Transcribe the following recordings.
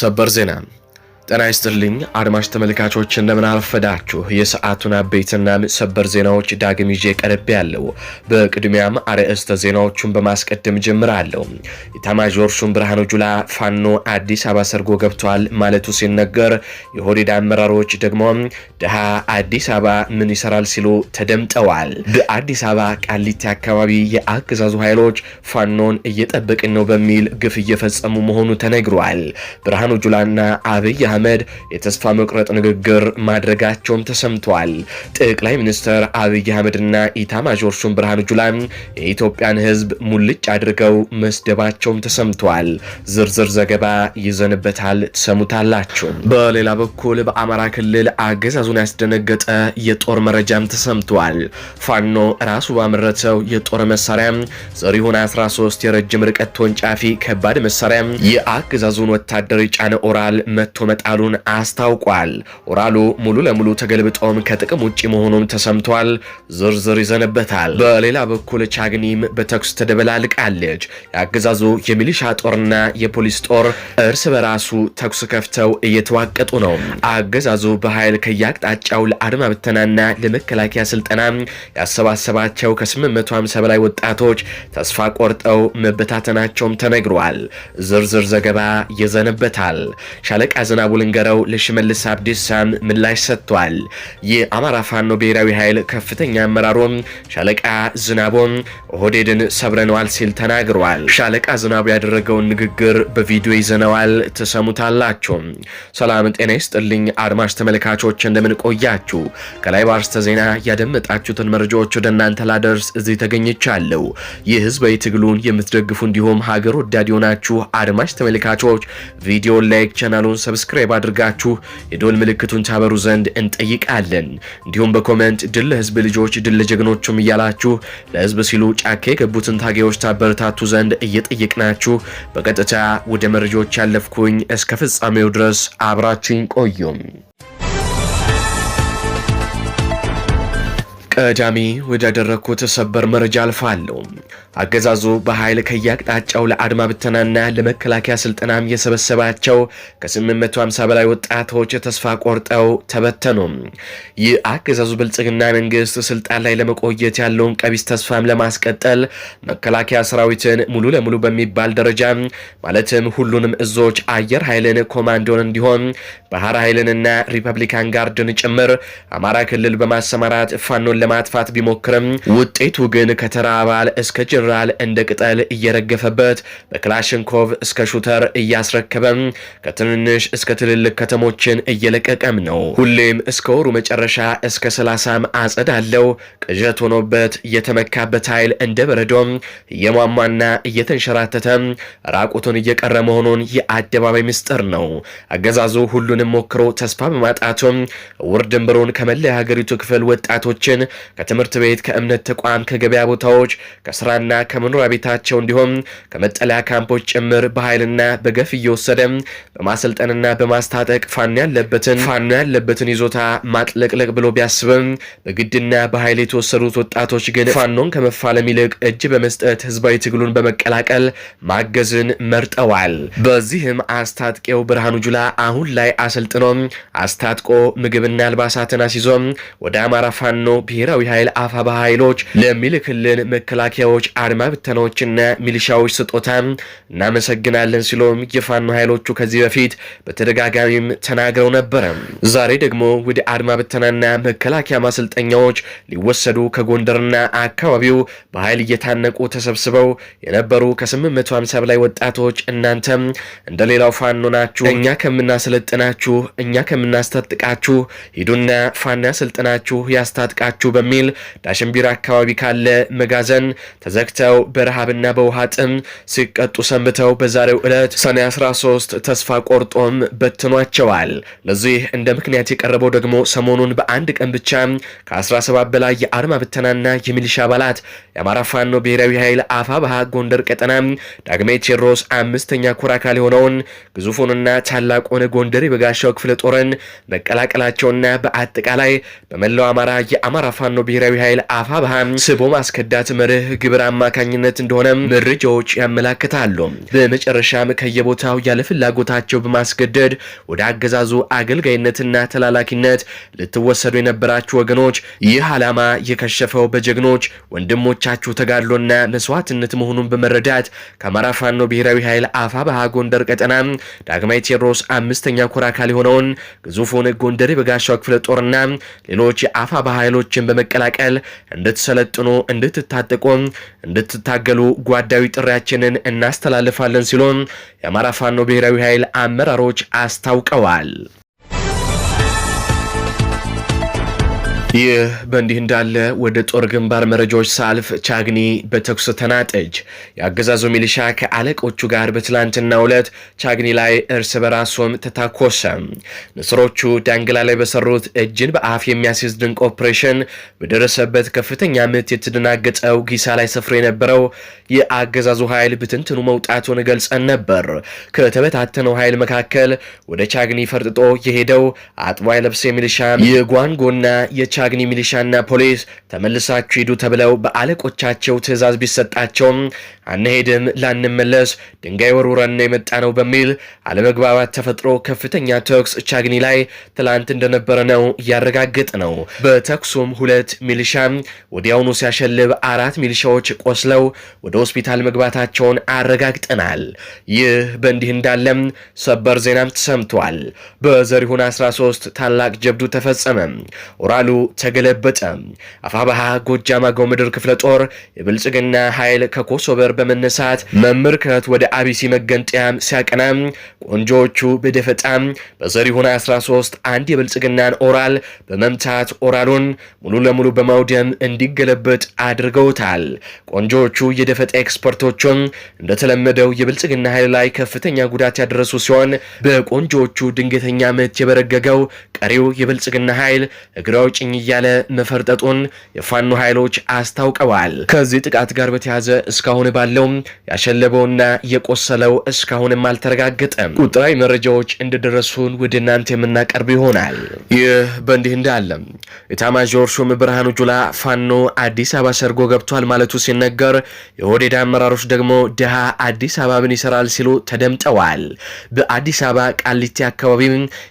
ሰበር ዜና ጤና ይስጥልኝ አድማጭ ተመልካቾች እንደምን አረፈዳችሁ። የሰዓቱን አበይትና ሰበር ዜናዎች ዳግም ይዤ ቀርቤ ያለው። በቅድሚያም አርዕስተ ዜናዎቹን በማስቀደም ጀምራለሁ። ኢታማዦር ሹም ብርሃኑ ጁላ ፋኖ አዲስ አበባ ሰርጎ ገብቷል ማለቱ ሲነገር፣ የሆዴድ አመራሮች ደግሞ ድሃ አዲስ አበባ ምን ይሰራል ሲሉ ተደምጠዋል። በአዲስ አበባ ቃሊቲ አካባቢ የአገዛዙ ኃይሎች ፋኖን እየጠበቅን ነው በሚል ግፍ እየፈጸሙ መሆኑ ተነግሯል። ብርሃኑ ጁላና አብይ አህመድ የተስፋ መቁረጥ ንግግር ማድረጋቸውም ተሰምቷል። ጠቅላይ ሚኒስትር አብይ አህመድና ኢታማዦር ሹም ብርሃኑ ጁላ የኢትዮጵያን ህዝብ ሙልጭ አድርገው መስደባቸውም ተሰምቷል። ዝርዝር ዘገባ ይዘንበታል፣ ትሰሙታላችሁ። በሌላ በኩል በአማራ ክልል አገዛዙን ያስደነገጠ የጦር መረጃም ተሰምቷል። ፋኖ ራሱ ባመረተው የጦር መሳሪያ ዘሪሁን 13 የረጅም ርቀት ተወንጫፊ ከባድ መሳሪያ የአገዛዙን ወታደር የጫነ ኦራል መቶ መጣ መጣሉን አስታውቋል። ኦራሉ ሙሉ ለሙሉ ተገልብጦም ከጥቅም ውጭ መሆኑም ተሰምቷል። ዝርዝር ይዘንበታል። በሌላ በኩል ቻግኒም በተኩስ ተደበላልቃለች። የአገዛዙ የሚሊሻ ጦርና የፖሊስ ጦር እርስ በራሱ ተኩስ ከፍተው እየተዋቀጡ ነው። አገዛዙ በኃይል ከየአቅጣጫው ለአድማ ብተናና ለመከላከያ ስልጠና ያሰባሰባቸው ከ850 በላይ ወጣቶች ተስፋ ቆርጠው መበታተናቸውም ተነግሯል። ዝርዝር ዘገባ ይዘንበታል። ሻለቃ ዝናቡ ልንገረው ለሽመልስ አብዲሳም ምላሽ ሰጥቷል። የአማራ ፋኖ ብሔራዊ ኃይል ከፍተኛ አመራሮም ሻለቃ ዝናቦም ኦህዴድን ሰብረነዋል ሲል ተናግሯል። ሻለቃ ዝናቡ ያደረገውን ንግግር በቪዲዮ ይዘነዋል፣ ትሰሙታላችሁ። ሰላም ጤና ይስጥልኝ አድማጭ ተመልካቾች፣ እንደምን ቆያችሁ? ከላይ ባርስተ ዜና ያደመጣችሁትን መረጃዎች ወደ እናንተ ላደርስ እዚህ ተገኝቻለሁ። ይህ ህዝባዊ ትግሉን የምትደግፉ እንዲሁም ሀገር ወዳድ የሆናችሁ አድማጭ ተመልካቾች ቪዲዮን ላይክ፣ ቻናሉን ሰብስክራ ሰብስክራይብ አድርጋችሁ የዶል ምልክቱን ታበሩ ዘንድ እንጠይቃለን። እንዲሁም በኮመንት ድል ለህዝብ ልጆች ድል ለጀግኖቹም እያላችሁ ለህዝብ ሲሉ ጫካ የገቡትን ታጋዮች ታበረታቱ ዘንድ እየጠየቅናችሁ በቀጥታ ወደ መረጃዎች ያለፍኩኝ፣ እስከ ፍጻሜው ድረስ አብራችኝ ቆዩም። ቀዳሚ ወዳደረግኩት ሰበር መረጃ አልፋለሁ። አገዛዙ በኃይል ከየአቅጣጫው ለአድማ ብተናና ለመከላከያ ስልጠናም የሰበሰባቸው ከ850 በላይ ወጣቶች ተስፋ ቆርጠው ተበተኑ። ይህ አገዛዙ ብልጽግና መንግስት ስልጣን ላይ ለመቆየት ያለውን ቀቢስ ተስፋም ለማስቀጠል መከላከያ ሰራዊትን ሙሉ ለሙሉ በሚባል ደረጃ ማለትም ሁሉንም እዞች አየር ኃይልን ኮማንዶን እንዲሆን ባህር ኃይልንና ሪፐብሊካን ጋርድን ጭምር አማራ ክልል በማሰማራት ፋኖን ለማጥፋት ቢሞክርም ውጤቱ ግን ከተራ አባል እስከ ጀነራል እንደ ቅጠል እየረገፈበት በክላሽንኮቭ እስከ ሹተር እያስረከበም ከትንንሽ እስከ ትልልቅ ከተሞችን እየለቀቀም ነው። ሁሌም እስከ ወሩ መጨረሻ እስከ ሰላሳም አጸድ አለው ቅዠት ሆኖበት እየተመካበት ኃይል እንደ በረዶም እየሟሟና እየተንሸራተተ ራቁቱን እየቀረ መሆኑን የአደባባይ ምስጢር ነው። አገዛዙ ሁሉንም ሞክሮ ተስፋ በማጣቱም ውር ድንብሩን ከመለያ ሀገሪቱ ክፍል ወጣቶችን ከትምህርት ቤት፣ ከእምነት ተቋም፣ ከገበያ ቦታዎች፣ ከስራና ከመኖሪያ ቤታቸው እንዲሁም ከመጠለያ ካምፖች ጭምር በኃይልና በገፍ እየወሰደ በማሰልጠንና በማስታጠቅ ፋኖ ያለበትን ፋኖ ያለበትን ይዞታ ማጥለቅለቅ ብሎ ቢያስብም በግድና በኃይል የተወሰዱት ወጣቶች ግን ፋኖን ከመፋለም ይልቅ እጅ በመስጠት ህዝባዊ ትግሉን በመቀላቀል ማገዝን መርጠዋል። በዚህም አስታጥቄው ብርሃኑ ጁላ አሁን ላይ አሰልጥኖ አስታጥቆ ምግብና አልባሳትን አስይዞ ወደ አማራ ፋኖ ብሔር ብሔራዊ ኃይል አፋባ ኃይሎች ለሚልክልን መከላከያዎች፣ አድማ ብተናዎችና ሚሊሻዎች ስጦታ እናመሰግናለን ሲሉም የፋኖ ኃይሎቹ ከዚህ በፊት በተደጋጋሚም ተናግረው ነበረ። ዛሬ ደግሞ ወደ አድማ ብተናና መከላከያ ማሰልጠኛዎች ሊወሰዱ ከጎንደርና አካባቢው በኃይል እየታነቁ ተሰብስበው የነበሩ ከ850 በላይ ወጣቶች እናንተም እንደ ሌላው ፋኖ ናችሁ፣ እኛ ከምናሰለጥናችሁ፣ እኛ ከምናስታጥቃችሁ ሂዱና ፋና ስልጥናችሁ ያስታጥቃችሁ በሚል ዳሽን ቢራ አካባቢ ካለ መጋዘን ተዘግተው በረሃብና በውሃ ጥም ሲቀጡ ሰንብተው በዛሬው ዕለት ሰኔ 13 ተስፋ ቆርጦም በትኗቸዋል። ለዚህ እንደ ምክንያት የቀረበው ደግሞ ሰሞኑን በአንድ ቀን ብቻ ከ17 በላይ የአድማ ብተናና የሚሊሻ አባላት የአማራ ፋኖ ብሔራዊ ኃይል አፋ ባሃ ጎንደር ቀጠና ዳግሜ ቴዎድሮስ አምስተኛ ኩር አካል የሆነውን ግዙፉንና ታላቁን ጎንደር የበጋሻው ክፍለ ጦርን መቀላቀላቸውና በአጠቃላይ በመላው አማራ የአማራ ፋኖ ብሔራዊ ኃይል አፋ ባህ ስቦ ማስከዳት መርህ ግብር አማካኝነት እንደሆነ መረጃዎች ያመላክታሉ። በመጨረሻም ከየቦታው ያለ ፍላጎታቸው በማስገደድ ወደ አገዛዙ አገልጋይነትና ተላላኪነት ልትወሰዱ የነበራችሁ ወገኖች ይህ ዓላማ የከሸፈው በጀግኖች ወንድሞቻችሁ ተጋድሎና መስዋዕትነት መሆኑን በመረዳት ከአማራ ፋኖ ብሔራዊ ኃይል አፋ ባህ ጎንደር ቀጠና ዳግማዊ ቴዎድሮስ አምስተኛ ኮር አካል የሆነውን ግዙፉን ጎንደር የበጋሻው ክፍለ ጦርና ሌሎች የአፋ ባህ ኃይሎችን በመቀላቀል እንድትሰለጥኑ፣ እንድትታጠቁ፣ እንድትታገሉ ጓዳዊ ጥሪያችንን እናስተላልፋለን ሲሉ የአማራ ፋኖ ብሔራዊ ኃይል አመራሮች አስታውቀዋል። ይህ በእንዲህ እንዳለ ወደ ጦር ግንባር መረጃዎች ሳልፍ ቻግኒ በተኩስ ተናጠጅ የአገዛዙ ሚሊሻ ከአለቆቹ ጋር በትላንትና ዕለት ቻግኒ ላይ እርስ በራሱም ተታኮሰ። ንስሮቹ ዳንግላ ላይ በሰሩት እጅን በአፍ የሚያስይዝ ድንቅ ኦፕሬሽን በደረሰበት ከፍተኛ ምት የተደናገጠው ጊሳ ላይ ሰፍሮ የነበረው የአገዛዙ ኃይል ብትንትኑ መውጣቱን ገልጸን ነበር። ከተበታተነው ኃይል መካከል ወደ ቻግኒ ፈርጥጦ የሄደው አጥቦ ለብሰ ሚሊሻ የጓንጎና የቻ አግኒ ሚሊሻና ፖሊስ ተመልሳችሁ ሂዱ ተብለው በአለቆቻቸው ትዕዛዝ ቢሰጣቸውም አንሄድም፣ ላንመለስ፣ ድንጋይ ወርውረን ነው የመጣ ነው በሚል አለመግባባት ተፈጥሮ ከፍተኛ ተኩስ ቻግኒ ላይ ትላንት እንደነበረ ነው እያረጋገጠ ነው። በተኩሱም ሁለት ሚሊሻ ወዲያውኑ ሲያሸልብ አራት ሚሊሻዎች ቆስለው ወደ ሆስፒታል መግባታቸውን አረጋግጠናል። ይህ በእንዲህ እንዳለም ሰበር ዜናም ተሰምቷል። በዘሪሁን 13 ታላቅ ጀብዱ ተፈጸመ። ኦራሉ ተገለበጠ። አፋባሃ ጎጃም አገው ምድር ክፍለ ጦር የብልጽግና ኃይል ከኮሶበር በመነሳት መምህር ክህነት ወደ አቢሲ መገንጠያ ሲያቀና ቆንጆዎቹ በደፈጣ በዘሪሁን 13 አንድ የብልጽግናን ኦራል በመምታት ኦራሉን ሙሉ ለሙሉ በማውደም እንዲገለበጥ አድርገውታል። ቆንጆዎቹ የደፈጣ ኤክስፐርቶቹም እንደተለመደው የብልጽግና ኃይል ላይ ከፍተኛ ጉዳት ያደረሱ ሲሆን በቆንጆዎቹ ድንገተኛ ምት የበረገገው ቀሪው የብልጽግና ኃይል እግረ ጭኝ እያለ መፈርጠጡን የፋኖ ኃይሎች አስታውቀዋል። ከዚህ ጥቃት ጋር በተያያዘ እስካሁን ባለ ያለው ያሸለበውና የቆሰለው እስካሁንም አልተረጋገጠም። ቁጥራዊ መረጃዎች እንደደረሱን ወደ እናንተ የምናቀርብ ይሆናል። ይህ በእንዲህ እንዳለ ኢታማዦር ሹም ብርሃኑ ጁላ ፋኖ አዲስ አበባ ሰርጎ ገብቷል ማለቱ ሲነገር፣ የወዴዳ አመራሮች ደግሞ ድሃ አዲስ አበባን ይሰራል ሲሉ ተደምጠዋል። በአዲስ አበባ ቃሊቲ አካባቢ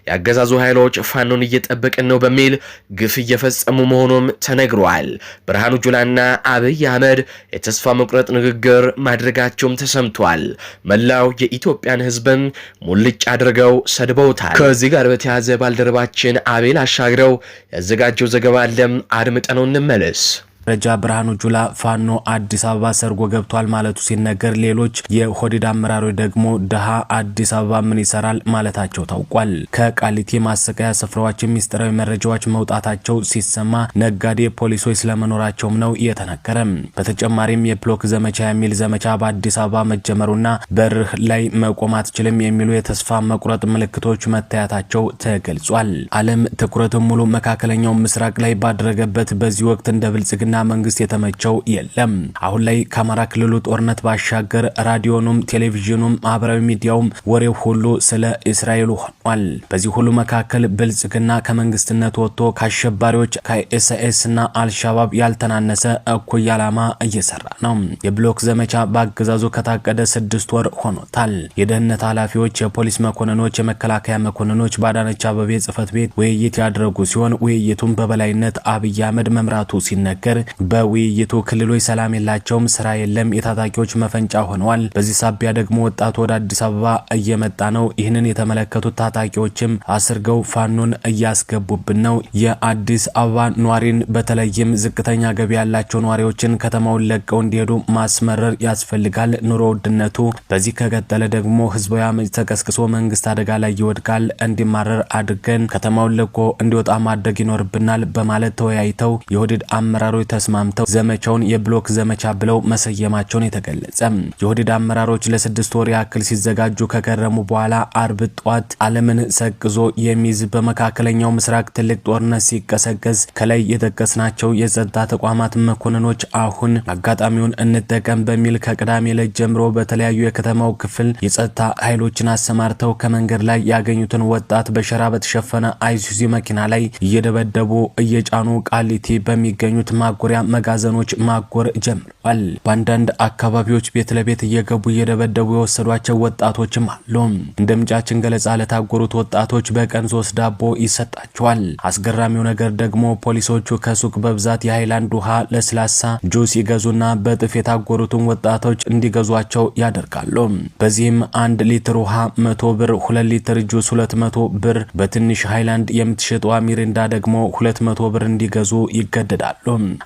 የአገዛዙ ኃይሎች ፋኖን እየጠበቅን ነው በሚል ግፍ እየፈጸሙ መሆኑም ተነግሯል። ብርሃኑ ጁላና አብይ አህመድ የተስፋ መቁረጥ ንግግር ማድረጋቸውም ተሰምቷል። መላው የኢትዮጵያን ህዝብን ሙልጭ አድርገው ሰድበውታል። ከዚህ ጋር በተያያዘ ባልደረባችን አቤል አሻግረው ያዘጋጀው ዘገባ አለም፣ አድምጠነው እንመለስ። መረጃ ብርሃኑ ጁላ ፋኖ አዲስ አበባ ሰርጎ ገብቷል ማለቱ ሲነገር፣ ሌሎች የሆዲድ አመራሮች ደግሞ ድሃ አዲስ አበባ ምን ይሰራል ማለታቸው ታውቋል። ከቃሊቲ ማሰቃያ ስፍራዎች ሚስጥራዊ መረጃዎች መውጣታቸው ሲሰማ ነጋዴ ፖሊሶች ስለመኖራቸውም ነው የተነገረም። በተጨማሪም የብሎክ ዘመቻ የሚል ዘመቻ በአዲስ አበባ መጀመሩና በርህ ላይ መቆም አትችልም የሚሉ የተስፋ መቁረጥ ምልክቶች መታየታቸው ተገልጿል። ዓለም ትኩረትን ሙሉ መካከለኛው ምስራቅ ላይ ባደረገበት በዚህ ወቅት እንደ ብልጽግና መንግስት የተመቸው የለም። አሁን ላይ ከአማራ ክልሉ ጦርነት ባሻገር ራዲዮኑም፣ ቴሌቪዥኑም፣ ማህበራዊ ሚዲያውም ወሬው ሁሉ ስለ እስራኤሉ ሆኗል። በዚህ ሁሉ መካከል ብልጽግና ከመንግስትነት ወጥቶ ከአሸባሪዎች ከኤስኤስና አልሻባብ ያልተናነሰ እኩይ ዓላማ እየሰራ ነው። የብሎክ ዘመቻ በአገዛዙ ከታቀደ ስድስት ወር ሆኖታል። የደህንነት ኃላፊዎች፣ የፖሊስ መኮንኖች፣ የመከላከያ መኮንኖች በአዳነች አበቤ ጽህፈት ቤት ውይይት ያደረጉ ሲሆን ውይይቱም በበላይነት አብይ አህመድ መምራቱ ሲነገር በውይይቱ ክልሎች ሰላም የላቸውም፣ ስራ የለም፣ የታጣቂዎች መፈንጫ ሆነዋል። በዚህ ሳቢያ ደግሞ ወጣቱ ወደ አዲስ አበባ እየመጣ ነው። ይህንን የተመለከቱት ታጣቂዎችም አስርገው ፋኖን እያስገቡብን ነው። የአዲስ አበባ ነዋሪን በተለይም ዝቅተኛ ገቢ ያላቸው ነዋሪዎችን ከተማውን ለቀው እንዲሄዱ ማስመረር ያስፈልጋል። ኑሮ ውድነቱ በዚህ ከቀጠለ ደግሞ ህዝባዊ አመፅ ተቀስቅሶ መንግስት አደጋ ላይ ይወድቃል። እንዲማረር አድርገን ከተማውን ለቆ እንዲወጣ ማድረግ ይኖርብናል በማለት ተወያይተው የወደድ አመራሮች ተስማምተው ዘመቻውን የብሎክ ዘመቻ ብለው መሰየማቸውን የተገለጸ የወደድ አመራሮች ለስድስት ወር ያክል ሲዘጋጁ ከከረሙ በኋላ አርብ ጧት ዓለምን ሰቅዞ የሚይዝ በመካከለኛው ምስራቅ ትልቅ ጦርነት ሲቀሰቀስ ከላይ የጠቀስናቸው የጸጥታ ተቋማት መኮንኖች አሁን አጋጣሚውን እንጠቀም በሚል ከቅዳሜ ዕለት ጀምሮ በተለያዩ የከተማው ክፍል የጸጥታ ኃይሎችን አሰማርተው ከመንገድ ላይ ያገኙትን ወጣት በሸራ በተሸፈነ አይሱዚ መኪና ላይ እየደበደቡ እየጫኑ ቃሊቲ በሚገኙት ማጎ ማጎሪያ መጋዘኖች ማጎር ጀምረዋል። በአንዳንድ አካባቢዎች ቤት ለቤት እየገቡ እየደበደቡ የወሰዷቸው ወጣቶችም አሉ። እንደ ምንጫችን ገለጻ ለታጎሩት ወጣቶች በቀን ሶስት ዳቦ ይሰጣቸዋል። አስገራሚው ነገር ደግሞ ፖሊሶቹ ከሱቅ በብዛት የሃይላንድ ውሃ፣ ለስላሳ ጁስ ይገዙና በጥፍ የታጎሩትን ወጣቶች እንዲገዟቸው ያደርጋሉ። በዚህም አንድ ሊትር ውሃ መቶ ብር፣ ሁለት ሊትር ጁስ ሁለት መቶ ብር፣ በትንሽ ሃይላንድ የምትሸጠዋ ሚሪንዳ ደግሞ ሁለት መቶ ብር እንዲገዙ ይገደዳሉ።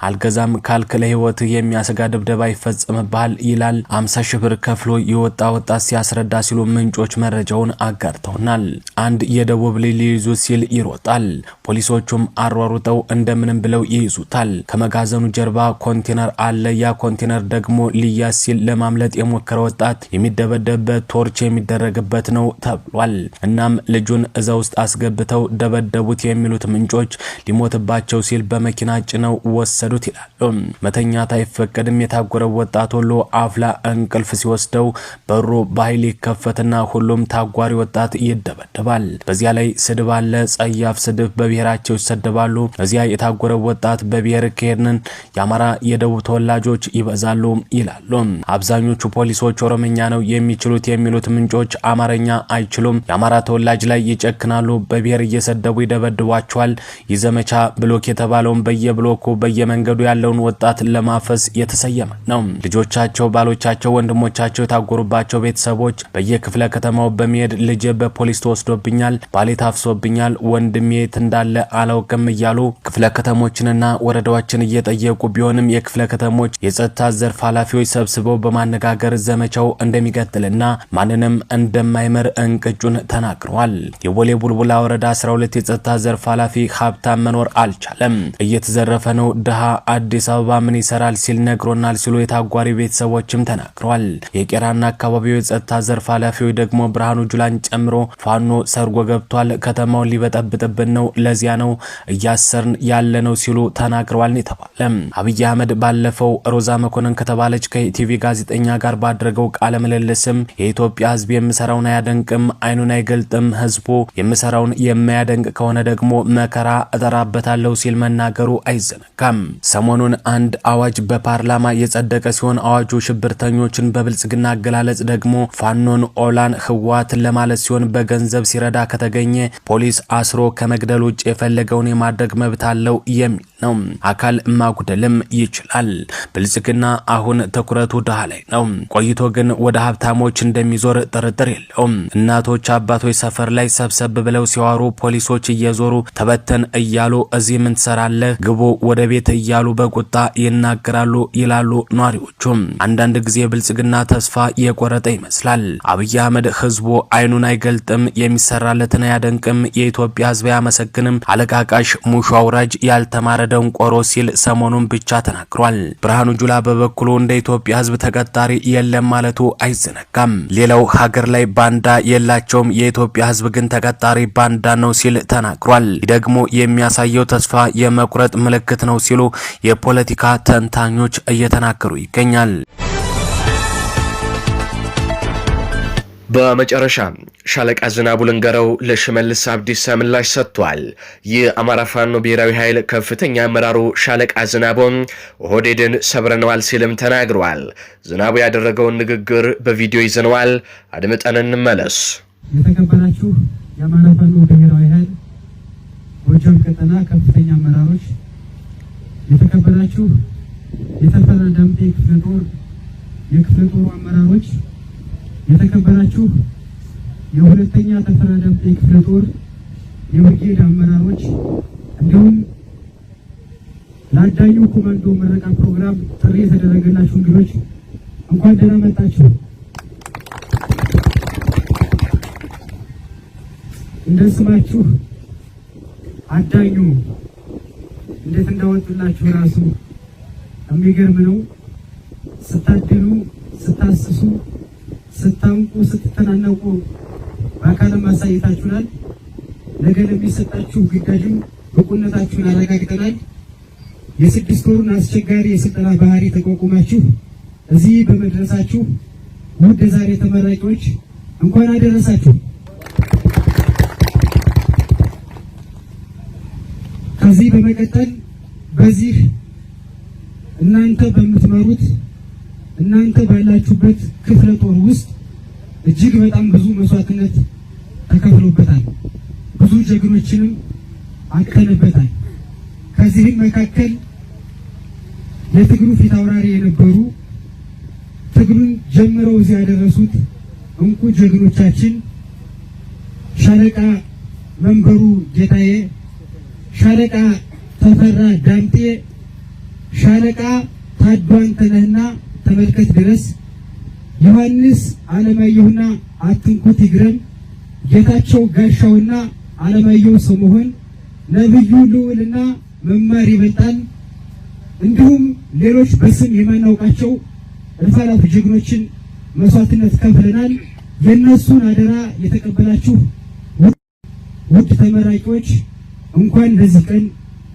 አልገዛም ካልክ ለህይወት የሚያሰጋ ድብደባ ይፈጸምብሃል ይላል። አምሳ ሺህ ብር ከፍሎ የወጣ ወጣት ሲያስረዳ ሲሉ ምንጮች መረጃውን አጋርተውናል። አንድ የደቡብ ልጅ ሊይዙ ሲል ይሮጣል። ፖሊሶቹም አሯሩጠው እንደምንም ብለው ይይዙታል። ከመጋዘኑ ጀርባ ኮንቴነር አለ። ያ ኮንቴነር ደግሞ ልያ ሲል ለማምለጥ የሞከረ ወጣት የሚደበደብበት ቶርች የሚደረግበት ነው ተብሏል። እናም ልጁን እዛ ውስጥ አስገብተው ደበደቡት የሚሉት ምንጮች ሊሞትባቸው ሲል በመኪና ጭነው ወሰዱ ወሰዱት ይላሉ። መተኛት አይፈቀድም። የታጎረው ወጣት ሁሉ አፍላ እንቅልፍ ሲወስደው በሩ በኃይል ይከፈትና ሁሉም ታጓሪ ወጣት ይደበደባል። በዚያ ላይ ስድብ አለ። ጸያፍ ስድብ በብሔራቸው ይሰደባሉ። እዚያ የታጎረው ወጣት በብሔር ከሄድንን የአማራ የደቡብ ተወላጆች ይበዛሉ ይላሉ። አብዛኞቹ ፖሊሶች ኦሮምኛ ነው የሚችሉት የሚሉት ምንጮች አማርኛ አይችሉም። የአማራ ተወላጅ ላይ ይጨክናሉ። በብሔር እየሰደቡ ይደበድቧቸዋል። ይዘመቻ ብሎክ የተባለውን በየብሎኩ በየመን በየመንገዱ ያለውን ወጣት ለማፈስ የተሰየመ ነው። ልጆቻቸው፣ ባሎቻቸው፣ ወንድሞቻቸው የታጎሩባቸው ቤተሰቦች በየክፍለ ከተማው በመሄድ ልጄ በፖሊስ ተወስዶብኛል፣ ባሌ ታፍሶብኛል፣ ወንድም የት እንዳለ አላውቅም እያሉ ክፍለ ከተሞችንና ወረዳዎችን እየጠየቁ ቢሆንም የክፍለ ከተሞች የጸጥታ ዘርፍ ኃላፊዎች ሰብስበው በማነጋገር ዘመቻው እንደሚቀጥልና ማንንም እንደማይመር እንቅጩን ተናግረዋል። የቦሌ ቡልቡላ ወረዳ 12 የጸጥታ ዘርፍ ኃላፊ ሀብታም መኖር አልቻለም፣ እየተዘረፈ ነው፣ ድሃ አዲስ አበባ ምን ይሰራል ሲል ነግሮናል ሲሉ የታጓሪ ቤተሰቦችም ተናግረዋል። የቄራና አካባቢው የጸጥታ ዘርፍ ኃላፊዎች ደግሞ ብርሃኑ ጁላን ጨምሮ ፋኖ ሰርጎ ገብቷል፣ ከተማውን ሊበጠብጥብን ነው፣ ለዚያ ነው እያሰርን ያለ ነው ሲሉ ተናግረዋል የተባለ። አብይ አህመድ ባለፈው ሮዛ መኮንን ከተባለች ከኢቲቪ ጋዜጠኛ ጋር ባደረገው ቃለ ምልልስም የኢትዮጵያ ህዝብ የምሰራውን አያደንቅም፣ አይኑን አይገልጥም፣ ህዝቡ የምሰራውን የማያደንቅ ከሆነ ደግሞ መከራ እጠራበታለሁ ሲል መናገሩ አይዘነጋም። ሰሞኑን አንድ አዋጅ በፓርላማ የጸደቀ ሲሆን አዋጁ ሽብርተኞችን በብልጽግና አገላለጽ ደግሞ ፋኖን፣ ኦላን፣ ህወሓትን ለማለት ሲሆን በገንዘብ ሲረዳ ከተገኘ ፖሊስ አስሮ ከመግደል ውጭ የፈለገውን የማድረግ መብት አለው የሚል ነው። አካል ማጉደልም ይችላል። ብልጽግና አሁን ትኩረቱ ድሃ ላይ ነው። ቆይቶ ግን ወደ ሀብታሞች እንደሚዞር ጥርጥር የለውም። እናቶች አባቶች ሰፈር ላይ ሰብሰብ ብለው ሲዋሩ ፖሊሶች እየዞሩ ተበተን እያሉ እዚህ ምን ትሰራለህ ግቡ ወደ ቤት እያ እያሉ በቁጣ ይናገራሉ ይላሉ ነዋሪዎቹም። አንዳንድ ጊዜ ብልጽግና ተስፋ የቆረጠ ይመስላል። አብይ አህመድ ህዝቡ አይኑን አይገልጥም፣ የሚሰራለትን አያደንቅም፣ የኢትዮጵያ ህዝብ አያመሰግንም፣ አለቃቃሽ ሙሾ አውራጅ፣ ያልተማረ ደንቆሮ ሲል ሰሞኑን ብቻ ተናግሯል። ብርሃኑ ጁላ በበኩሉ እንደ ኢትዮጵያ ህዝብ ተቀጣሪ የለም ማለቱ አይዘነጋም። ሌላው ሀገር ላይ ባንዳ የላቸውም፣ የኢትዮጵያ ህዝብ ግን ተቀጣሪ ባንዳ ነው ሲል ተናግሯል። ደግሞ የሚያሳየው ተስፋ የመቁረጥ ምልክት ነው ሲሉ የፖለቲካ ተንታኞች እየተናገሩ ይገኛል። በመጨረሻ ሻለቃ ዝናቡ ልንገረው ለሽመልስ አብዲሳ ምላሽ ሰጥቷል። አማራ ፋኖ ብሔራዊ ኃይል ከፍተኛ አመራሩ ሻለቃ ዝናቦን ኦህዴድን ሰብረነዋል ሲልም ተናግረዋል። ዝናቡ ያደረገውን ንግግር በቪዲዮ ይዘነዋል፣ አድምጠን እንመለስ። የተከበራችሁ የአማራ ፋኖ ብሔራዊ ኃይል ጎጃም ቀጠና ከፍተኛ አመራሮች የተከበራችሁ የተፈራ ዳምጤ ክፍለ ጦር የክፍለ ጦሩ አመራሮች፣ የተከበራችሁ የሁለተኛ ተፈራ ዳምጤ ክፍለ ጦር የብርጌድ አመራሮች፣ እንዲሁም ለአዳኙ ኮማንዶ መረቃ ፕሮግራም ጥሪ የተደረገላችሁ እንግዶች እንኳን ደህና መጣችሁ። እንደ ስማችሁ አዳኙ እንዴት እንዳወጡላችሁ ራሱ የሚገርም ነው። ስታድሉ፣ ስታስሱ፣ ስታንቁ፣ ስትተናነቁ በአካልም አሳይታችሁናል። ነገ ለሚሰጣችሁ ግዳጅም ብቁነታችሁን አረጋግጠናል። የስድስት ወሩን አስቸጋሪ የስልጠና ባህሪ ተቋቁማችሁ እዚህ በመድረሳችሁ ውድ የዛሬ ተመራቂዎች እንኳን አደረሳችሁ። በመቀጠል በዚህ እናንተ በምትመሩት እናንተ ባላችሁበት ክፍለ ጦር ውስጥ እጅግ በጣም ብዙ መስዋዕትነት ተከፍሎበታል። ብዙ ጀግኖችንም አጥተንበታል። ከዚህም መካከል የትግሉ ፊት አውራሪ የነበሩ ትግሉን ጀምረው እዚህ ያደረሱት እንቁ ጀግኖቻችን ሻለቃ መንበሩ ጌታዬ፣ ሻለቃ ተፈራ ዳምጤ ሻለቃ ታዷንተነህና ተመልከት ድረስ ዮሐንስ አለማየሁና አትንኩት ይግረም ጌታቸው ጋሻውና አለማየሁ ሰሞሆን ነብዩ ልዑልና መማር ይበልጣል እንዲሁም ሌሎች በስም የማናውቃቸው እልፍ ጀግኖችን መስዋዕትነት ከፍለናል። የእነሱን አደራ የተቀበላችሁ ውድ ተመራቂዎች እንኳን ለዚህ ቀን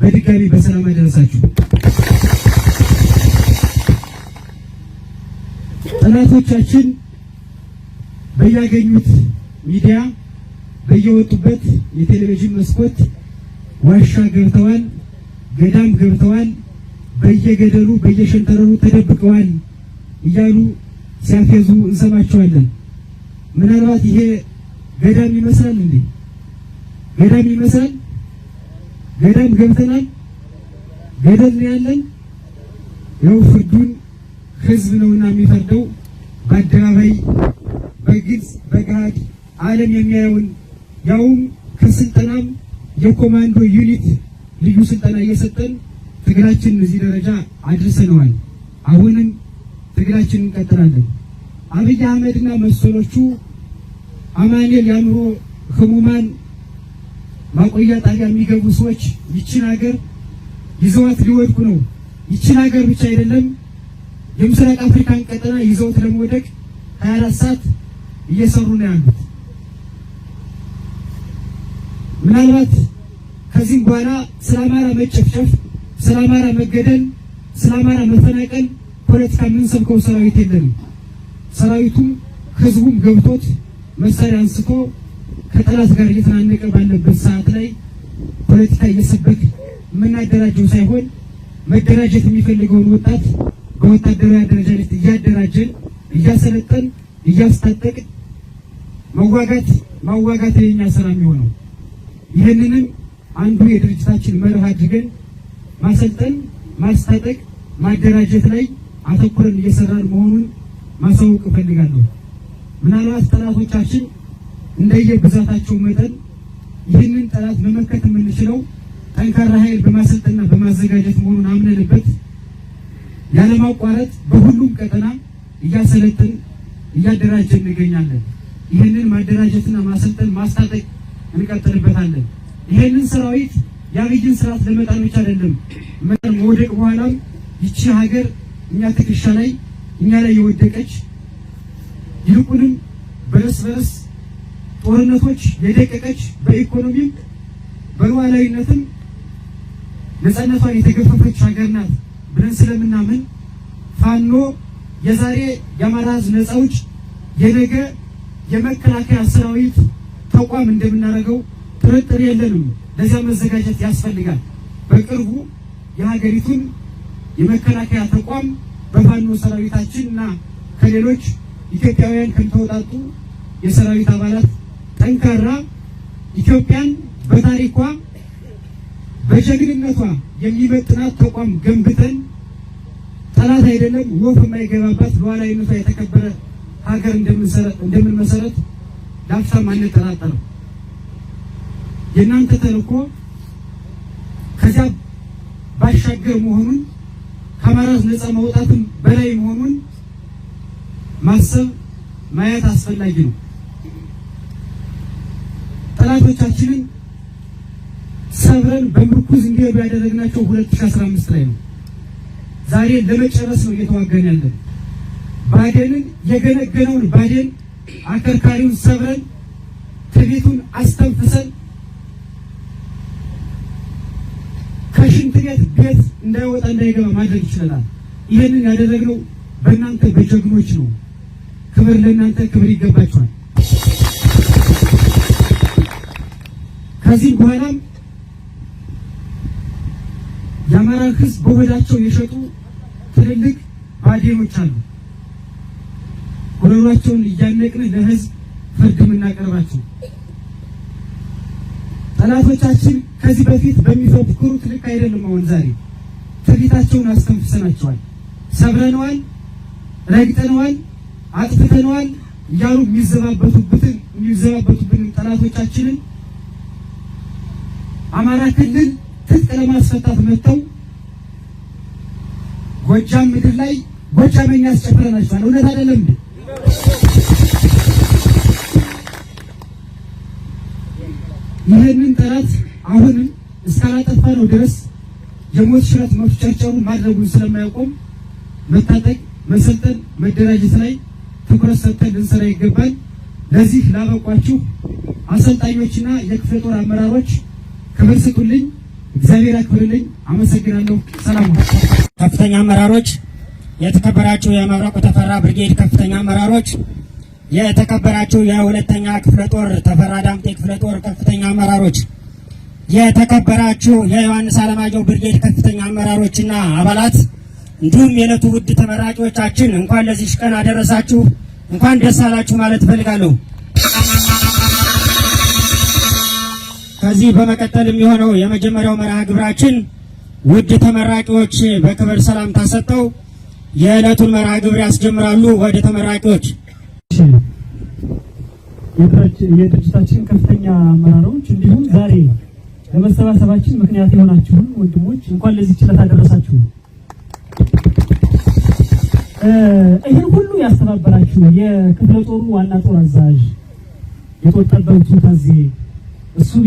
በድጋሚ በሰላም ያደረሳችሁ። ጠላቶቻችን በያገኙት ሚዲያ በየወጡበት የቴሌቪዥን መስኮት ዋሻ ገብተዋል፣ ገዳም ገብተዋል፣ በየገደሉ በየሸንተረሩ ተደብቀዋል እያሉ ሲያፌዙ እንሰማቸዋለን። ምናልባት ይሄ ገዳም ይመስላል እንዴ? ገዳም ይመስላል። ገደል ገብተናል። ገደል ነው ያለን። ያው ፍርዱን ህዝብ ነውና የሚፈርደው በአደባባይ በግልጽ በጋድ ዓለም የሚያየውን ያውም ከስልጠናም የኮማንዶ ዩኒት ልዩ ስልጠና እየሰጠን ትግላችንን እዚህ ደረጃ አድርሰነዋል። አሁንም ትግላችንን እንቀጥላለን። አብይ አህመድና መሰሎቹ አማኑኤል ያኑሮ ህሙማን ማቆያ ጣቢያ የሚገቡ ሰዎች ይችን ሀገር ይዘዋት ሊወድቁ ነው። ይችን ሀገር ብቻ አይደለም የምስራቅ አፍሪካን ቀጠና ይዘውት ለመወደቅ 24 ሰዓት እየሰሩ ነው ያሉት። ምናልባት ከዚህም በኋላ ስለ አማራ መጨፍጨፍ፣ ስለ አማራ መገደል፣ ስለ አማራ መፈናቀል ፖለቲካ የምንሰብከው ሰራዊት የለንም። ሰራዊቱም ህዝቡም ገብቶት መሳሪያ አንስቶ ከጠላት ጋር እየተናነቀ ባለበት ሰዓት ላይ ፖለቲካ እየሰበክ የምናደራጀው ሳይሆን መደራጀት የሚፈልገውን ወጣት በወታደራዊ አደረጃጀት እያደራጀን እያሰለጠን እያስታጠቅን መዋጋት ማዋጋት የኛ ስራ የሚሆነው። ይህንንም አንዱ የድርጅታችን መርህ አድርገን ማሰልጠን፣ ማስታጠቅ፣ ማደራጀት ላይ አተኩረን እየሰራን መሆኑን ማሳወቅ እፈልጋለሁ። ምናልባት ጠላቶቻችን እንደየብዛታቸው መጠን ይህንን ጠላት መመከት የምንችለው ጠንካራ ኃይል በማሰልጠና በማዘጋጀት መሆኑን አምነንበት ያለማቋረጥ በሁሉም ቀጠና እያሰለጥን እያደራጀን እንገኛለን። ይህንን ማደራጀትና ማሰልጠን ማስታጠቅ እንቀጥልበታለን። ይህንን ሰራዊት የአብይን ስርዓት ለመጣን ብቻ አይደለም መጠን መውደቅ በኋላም ይቺ ሀገር እኛ ትከሻ ላይ እኛ ላይ የወደቀች ይልቁንም በርስ በርስ ጦርነቶች የደቀቀች በኢኮኖሚም በሉዓላዊነትም ነፃነቷን የተገፈፈች ሀገር ናት ብለን ስለምናምን ፋኖ የዛሬ የአማራ ሕዝብ ነፃ አውጪ የነገ የመከላከያ ሰራዊት ተቋም እንደምናደርገው ጥርጥር የለንም። ለዚያ መዘጋጀት ያስፈልጋል። በቅርቡ የሀገሪቱን የመከላከያ ተቋም በፋኖ ሰራዊታችን እና ከሌሎች ኢትዮጵያውያን ከተወጣጡ የሰራዊት አባላት ጠንካራ ኢትዮጵያን በታሪኳ በጀግንነቷ የሚመጥናት ተቋም ገንብተን ጠላት አይደለም ወፍ የማይገባባት ሉዓላዊነቷ የተከበረ ሀገር እንደምንመሰረት ዳፍታም አንጠራጠርም። የእናንተ ተልእኮ ከዚያ ባሻገር መሆኑን ከአማራት ነፃ መውጣትም በላይ መሆኑን ማሰብ ማየት አስፈላጊ ነው። ጠላቶቻችንን ሰብረን በምርኩዝ እንዲገቡ ያደረግናቸው 2015 ላይ ነው። ዛሬ ለመጨረስ ነው እየተዋገን ያለን። ባዴንን የገነገነውን ባደን አከርካሪውን ሰብረን ትቤቱን አስተንፍሰን ከሽንት ቤት ቤት እንዳይወጣ እንዳይገባ ማድረግ ይችላል። ይህንን ያደረግነው በእናንተ በጀግኖች ነው። ክብር ለእናንተ ክብር ይገባችኋል። ከዚህ በኋላ የአማራ ህዝብ በሆዳቸው የሸጡ ትልልቅ ባዴኖች አሉ። ጉረሯቸውን እያነቅን ለህዝብ ፍርድ የምናቀርባቸው ጠላቶቻችን ከዚህ በፊት በሚፈክሩት ልክ አይደለም። አሁን ዛሬ ትርኢታቸውን አስተንፍሰናቸዋል፣ ሰብረነዋል፣ ረግጠነዋል፣ አጥፍተነዋል እያሉ የሚዘባበቱብትን የሚዘባበቱብንን ጠላቶቻችንን አማራ ክልል ትጥቅ ለማስፈታት መጥተው ጎጃም ምድር ላይ ጎጃመኛ አስጨፍረናችኋል። እውነት አይደለም እንዴ? ይህንን ጠላት አሁንም እስካላጠፋ ነው ድረስ የሞት ሽረት መፍጨርጨሩን ማድረጉን ስለማያቆም መታጠቅ፣ መሰልጠን፣ መደራጀት ላይ ትኩረት ሰጥተን ልንሰራ ይገባል። ለዚህ ላበቋችሁ አሰልጣኞችና የክፍለ ጦር አመራሮች ክብር ስጡልኝ። እግዚአብሔር አክብርልኝ። አመሰግናለሁ። ሰላም። ከፍተኛ አመራሮች፣ የተከበራችሁ የመብረቁ ተፈራ ብርጌድ ከፍተኛ አመራሮች፣ የተከበራችሁ የሁለተኛ ክፍለ ጦር ተፈራ ዳምጤ ክፍለ ጦር ከፍተኛ አመራሮች፣ የተከበራችሁ የዮሐንስ አለማየሁ ብርጌድ ከፍተኛ አመራሮችና አባላት እንዲሁም የዕለቱ ውድ ተመራቂዎቻችን እንኳን ለዚህ ቀን አደረሳችሁ፣ እንኳን ደስ አላችሁ ማለት እፈልጋለሁ። ከዚህ በመቀጠል የሚሆነው የመጀመሪያው መርሃ ግብራችን ውድ ተመራቂዎች በክብር ሰላምታ ሰጥተው የዕለቱን መርሃ ግብር ያስጀምራሉ። ወደ ተመራቂዎች የድርጅታችን ከፍተኛ አመራሮች እንዲሁም ዛሬ ለመሰባሰባችን ምክንያት የሆናችሁን ወንድሞች እንኳን ለዚህ ችለት አደረሳችሁ። ይህን ሁሉ ያስተባበራችሁ የክፍለ ጦሩ ዋና ጦር አዛዥ የጦር ጠበብቱ ታዜ እሱቤ፣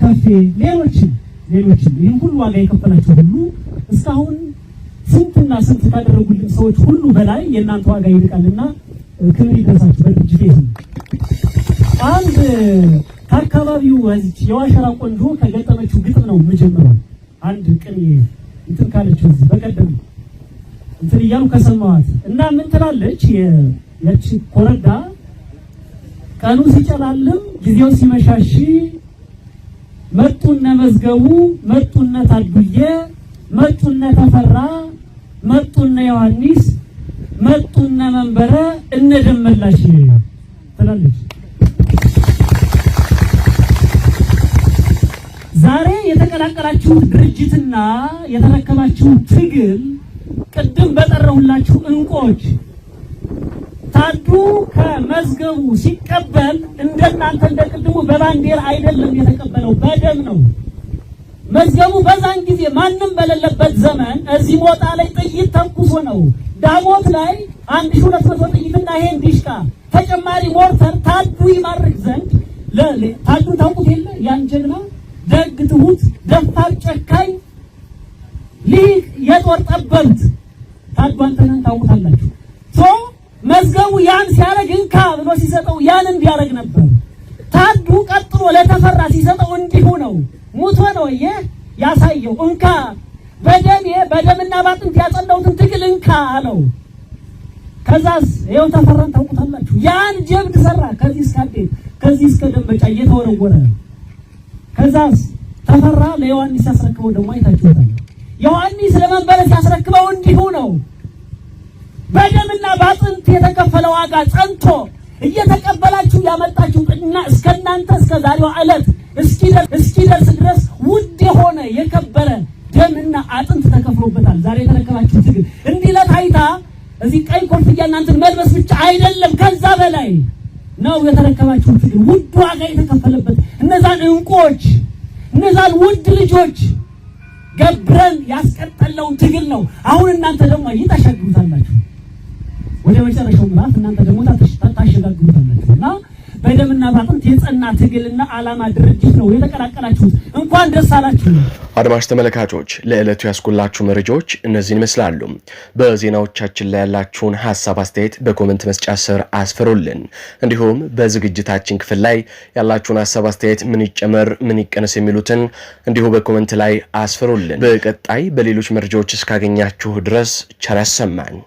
ከፌ፣ ሌሎችም ሌሎችም ይህን ሁሉ ዋጋ የከፈላችሁ ሁሉ እስካሁን ስንትና ስንት ካደረጉልን ሰዎች ሁሉ በላይ የእናንተ ዋጋ ይልቃልና ክብር ይድረሳችሁ። በድርጅት ይሁን አንድ ከአካባቢው ህዝብ የዋሸራ ቆንጆ ከገጠመችው ግጥም ነው የምጀምረው። አንድ ቅኔ እንትን ካለችው እዚህ በቀደም እንትን እያሉ ከሰማዋት እና ምን ትላለች ያቺ ኮረዳ ቀኑ ሲጨላልም ጊዜው ሲመሻሽ መጡነ መዝገቡ መጡነ ታዱየ መጡነ ተፈራ መጡነ ዮሐንስ መጡነ መንበረ እነ ደመላሽ ትላለች። ዛሬ የተቀላቀላችሁት ድርጅትና የተረከባችሁት ትግል ቅድም በጠራሁላችሁ እንቆች አንዱ ከመዝገቡ ሲቀበል እንደናንተ እንደቅድሙ በባንዲራ አይደለም የተቀበለው፣ በደም ነው። መዝገቡ በዛን ጊዜ ማንም በሌለበት ዘመን እዚህ ሞጣ ላይ ጥይት ተኩሶ ነው። ዳሞት ላይ አንድ ሺህ ሁለት መቶ ጥይትና ይሄን ዲሽቃ ተጨማሪ ሞርተር ታዱ ይማርክ ዘንድ ታዱ ታውቁት የለ ያን ጀግና ደግ፣ ትሁት፣ ደፋር፣ ጨካኝ ሊህ የጦር ጠበብት ታዱ አንተነን ታውቁታላችሁ። ያን ሲያደርግ እንካ ብሎ ሲሰጠው ያንን ቢያደርግ ነበር። ታዱ ቀጥሎ ለተፈራ ሲሰጠው እንዲሁ ነው። ሙቶ ነው የ ያሳየው እንካ በደሜ በደምና ባጥንት ያጸለውትን ትግል እንካ አለው። ከዛስ ይኸው ተፈራን ታውቁታላችሁ። ያን ጀብድ ሰራ። ከዚህ እስከ አዴት ከዚህ እስከ ደንበጫ እየተወረወረ ከዛስ ተፈራ ለዮሐንስ ያስረክበው ደግሞ አይታችሁታል። ዮሐንስ ለመንበረ ሲያስረክበው እንዲሁ ነው። በደምና በአጥንት የተከፈለ ዋጋ ጸንቶ እየተቀበላችሁ ያመጣችሁ እና እስከናንተ እስከ ዛሬዋ ዕለት እስኪደርስ ድረስ ውድ የሆነ የከበረ ደምና አጥንት ተከፍሎበታል። ዛሬ የተረከባችሁ ትግል እንዲህ ለታይታ እዚህ ቀይ ኮፍያ እናንተን መልበስ ብቻ አይደለም፣ ከዛ በላይ ነው የተረከባችሁ ትግል። ውድ ዋጋ የተከፈለበት እነዛን እንቁዎች እነዛን ውድ ልጆች ገብረን ያስቀጠለውን ትግል ነው። አሁን እናንተ ደግሞ ይታሻግሩታላችሁ። ወደ መጨረሻው ምዕራፍ እናንተ ደግሞ ታሸጋግሩታላችሁ እና በደምና ባጥንት የጸና ትግልና ዓላማ ድርጅት ነው የተቀላቀላችሁት። እንኳን ደስ አላችሁ። አድማጭ ተመልካቾች ለዕለቱ ያስኩላችሁ መረጃዎች እነዚህን ይመስላሉ። በዜናዎቻችን ላይ ያላችሁን ሀሳብ አስተያየት በኮመንት መስጫ ስር አስፈሩልን። እንዲሁም በዝግጅታችን ክፍል ላይ ያላችሁን ሀሳብ አስተያየት፣ ምን ይጨመር፣ ምን ይቀነስ የሚሉትን እንዲሁ በኮመንት ላይ አስፈሩልን። በቀጣይ በሌሎች መረጃዎች እስካገኛችሁ ድረስ ቸር ያሰማን።